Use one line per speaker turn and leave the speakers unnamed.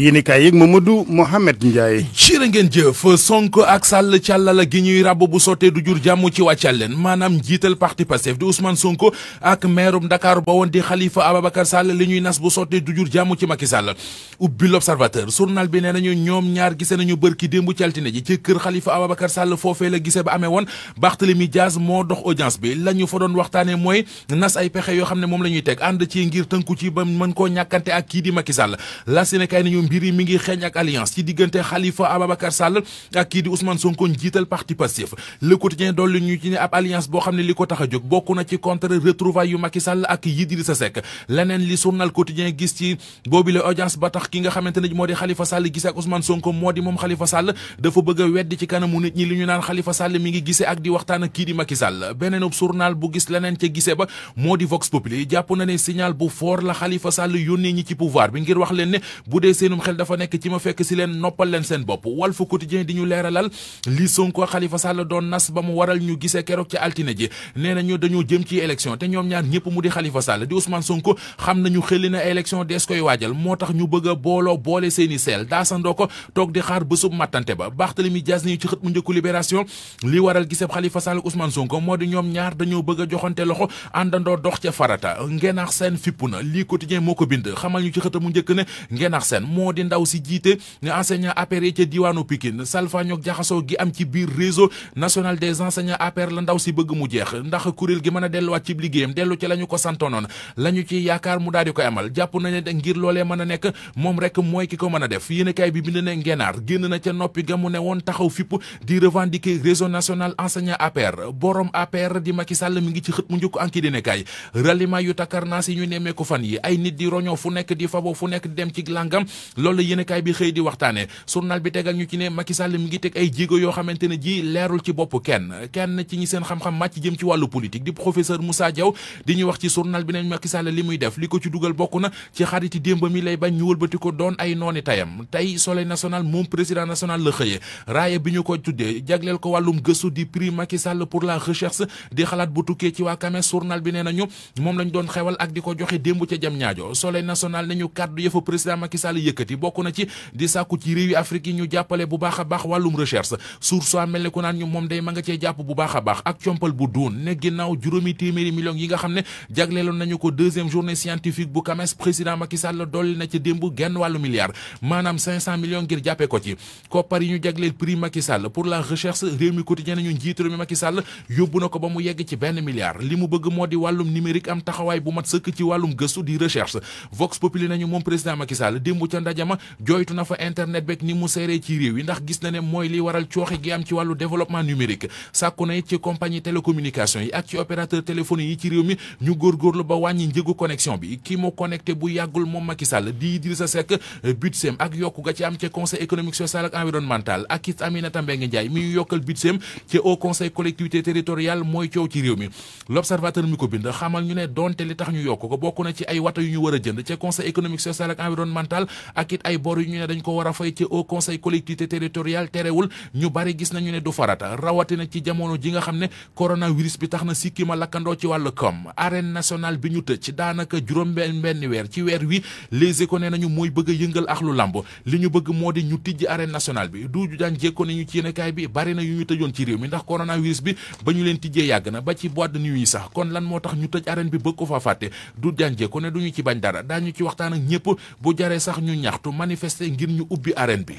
yéenekaay yeeg Mamadou Mohamed Ndiaye jërë ngeen jëf Sonko ak Sall càllala gi ñuy ràbb bu sottee du jur jàmm ci wàccal leen maanaam njiital parti Pastef di Ousmane Sonko ak meerum Dakar ba woon di Khalifa Ababacar Sall li ñuy nas bu sottee du jur jàmm ci Macky Sall ubbi l'Observateur journal bi nee nañu ñoom ñaar gise nañu bërki démbu ci altine ji ci kër Khalifa Ababacar Sall foofee la gise ba amee woon Barthélemy Diaz moo dox audience bi la ñu fa doon waxtaane mooy nas ay pexe yoo xam ne moom la ñuy teg ànd ci ngir tënku ci ba mën koo ñàkkante ak kii di Macky Sall mbir yi mi ngi xeeñ ak alliance ci diggante Khalifa Ababacar Sall ak kii di Ousmane Sonko njiital parti Pastef Le Quotidien dolli ñu ci ne ab alliance boo xam ne li ko tax a jóg bokk na ci contre retrouvailles yu Macky Sall ak Idrissa Seck leneen li journal Quotidien gis ci boobi audience ba tax ki nga xamante ne moo di Khalifa Sall gise ak Ousmane Sonko moo di moom Khalifa Sall dafa bëgg a weddi ci kanamu nit ñi li ñu naan Khalifa Sall mi ngi gise ak di waxtaan ak kii di Macky Sall beneen journal bu gis leneen ca gise ba moo bi ngir wax leen seenum xel dafa nekk ci ma fekk si leen noppal leen seen bopp Walf Quotidien di ñu leeralal li Sonko Khalifa Sall doon nas ba mu waral ñu gisee keroog ci altine ji nee na dañoo jëm ci élection te ñoom ñaar ñëpp mu di Khalifa Sall di Ousmane Sonko xam nañu xëli na élection dees koy waajal moo tax ñu bëgg a booloo boole seeni seel daasandoo ko toog di xaar bésub mattante ba Barthélemy Dias ni ci xët mu njëkku libération li waral giseb Khalifa Sall Ousmane a moo di ndaw si jiite enseignant APR yi ca diwaanu Pikine salfaañook jaxasoo gi am ci biir réseau national des enseignants APR la ndaw si bëgg mu jeex ndax kuréel gi mën a delluwaat ci liggéeyam dellu ci la ko santonoon la ñu ci yaakaar mu daal di koy amal jàpp na ne ngir loolee mën a nekk moom rek mooy ki ko mën a def yéenekaay bi bind ne ngenaar génn na ca noppi ga mu ne woon taxaw fipp di revendiquer réseau national enseignant APR borom APR di Macky Sall mi ngi ci xët mu njëkk anki dinekaay ralliement yu loolu la yéenekaay bi xëy di waxtaanee journal bi tegal ñu ci ne Macky Sall mi ngi teg ay jéego yoo xamante ne ji leerul ci bopp kenn kenn ci ñi seen xam-xam màcc jëm ci wàllu politique di professeur Moussa Diaw di ñu wax ci journal bi ne Macky li muy def li ko ci dugal bokk na ci xariti démb mi lay bañ ñu wëlbati ko doon ay nooni tayam tey soleil national moom président national la xëyee raaya bi ñu ko tuddee jagleel ko wàllum gëstu di prix Macky Sall pour la recherche di xalaat bu tukkee ci waa Kames journal bi nee nañu moom lañ doon xewal ak di ko joxe démb ca jam ñaajo soleil national ne ñu kàddu yëfa président Sall yëkk yëkkati bokk na ci di sàkku ci réew yi Afrique yi ñu jàppale bu baax a baax wàllum recherche source soo mel ne ku naan ñu moom day ma nga cee jàpp bu baax a baax ak compal bu duun ne ginnaaw juróomi téeméeri millions yi nga xam ne jagleeloon nañu ko deuxième journée scientifique bu CAMES président Macky dolli na ci démb genn wàllu milliard maanaam 500 ngir jàppee ko ci koppar yi ñu jagleel prix Macky pour la recherche réew mi quotidien nañu njiitu li moo di wàllum numérique am taxawaay bu mat sëkk ndaje ma jooytu na fa internet beeg ni mu seeree ci réew yi ndax gis na ne mooy li waral cooxe gi am ci wàllu développement numérique sàkku na it ci compagnie télécommunication yi ak ci opérateur téléphone yi ci réew mi ñu góorgóorlu ba wàññi njëgu connexion bi ki mu connecté bu yàggul moom Macky Sall di Idrissa Seck euh, budseem ak yokku ga ci am ca conseil économique social ak environnemental ak it Aminata Mbengue Ndiaye mi ñu yokkal budseem ci a jënd ca conseil ak it ay bor yu ñu ne dañ ko war a fay ci au conseil collectivité territoriale terewul ñu bari gis nañu ne du farata rawatina ci jamono ji nga xam ne coronavirus bi tax na sikkima lakkandoo ci wàllu koom arène nationale bi ñu tëj daanaka juróom benn benn weer ci weer wi les éco nee nañu mooy bëgg a yëngal ak lu làmb li ñu bëgg moo di ñu tijji arène nationale bi duuju daan jékko nañu ci yéenekaay bi bari na yu ñu tëjoon ci réew mi ndax coronavirus bi ba ñu leen tijjee yàgg na ba ci boîte lan moo tax ñu tëj arène bi bëgg ko fa fàtte du daan jékko ne duñu ci ci waxtaan ak ñëpp bu ñaxtu manifester ngir ñu ubbi arène bi